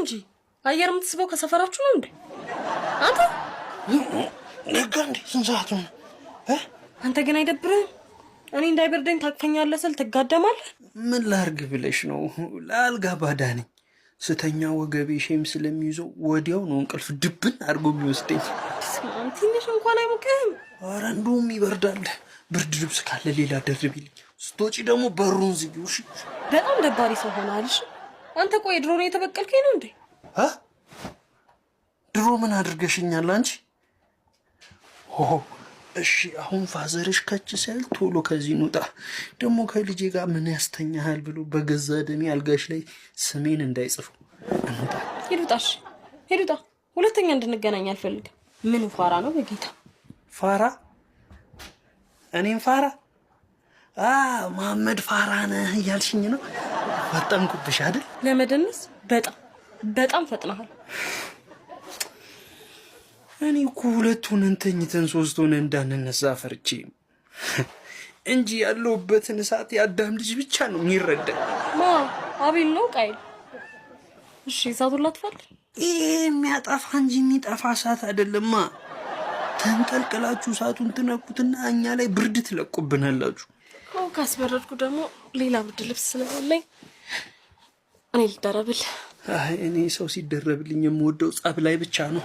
እንጂ አየር የምትስበው ከሰፈራችሁ ነው እንዴ? አንተ ነጋ እንዴ? ስንት ሰዓት ነው? አንተ ግን አይደብርህም? እኔ እንዳይበርደኝ ታቅፈኛለህ ስል ትጋደማለህ። ምን ላርግ ብለሽ ነው? ለአልጋ ባዳ ነኝ። ስተኛ ወገቤ ሼም ስለሚይዘው ወዲያው ነው እንቅልፍ ድብን አድርጎ የሚወስደኝ። ትንሽ እንኳን አይሞቅህም? ኧረ እንደውም ይበርዳል። ብርድ ልብስ ካለ ሌላ ደርቢልኝ። ስትወጪ ደግሞ በሩን ዝጊው። በጣም ደባሪ ሰው ሆነሃል። አንተ ቆይ ድሮ ነው የተበቀልከኝ ነው እንዴ? ድሮ ምን አድርገሽኛል አንቺ? እሺ አሁን ፋዘርሽ ከች ሲያል ቶሎ ከዚህ እንውጣ፣ ደግሞ ከልጄ ጋር ምን ያስተኛል ብሎ በገዛ ደሜ አልጋሽ ላይ ስሜን እንዳይጽፉ እንውጣ። ሄዱጣሽ ሄዱጣ። ሁለተኛ እንድንገናኝ አልፈልግም። ምን ፋራ ነው በጌታ ፋራ። እኔም ፋራ መሐመድ ፋራ ነህ እያልሽኝ ነው? ፈጠንኩብሽ አይደል? ለመደነስ በጣም በጣም ፈጥናሃል። እኔ እኮ ሁለቱን እንተኝተን ሶስት ሆነ እንዳንነሳ ፈርቼ እንጂ ያለሁበትን እሳት የአዳም ልጅ ብቻ ነው የሚረዳ። ማ አቤል ነው ቃይል? እሺ እሳቱን ላትፋል። ይህ የሚያጠፋ እንጂ የሚጠፋ እሳት አይደለማ። ተንጠልቅላችሁ እሳቱን ትነኩትና እኛ ላይ ብርድ ትለቁብናላችሁ። ካስበረድኩ ደግሞ ሌላ ብርድ ልብስ ስለሌለኝ እኔ ልደረብል። እኔ ሰው ሲደረብልኝ የምወደው ጸብ ላይ ብቻ ነው።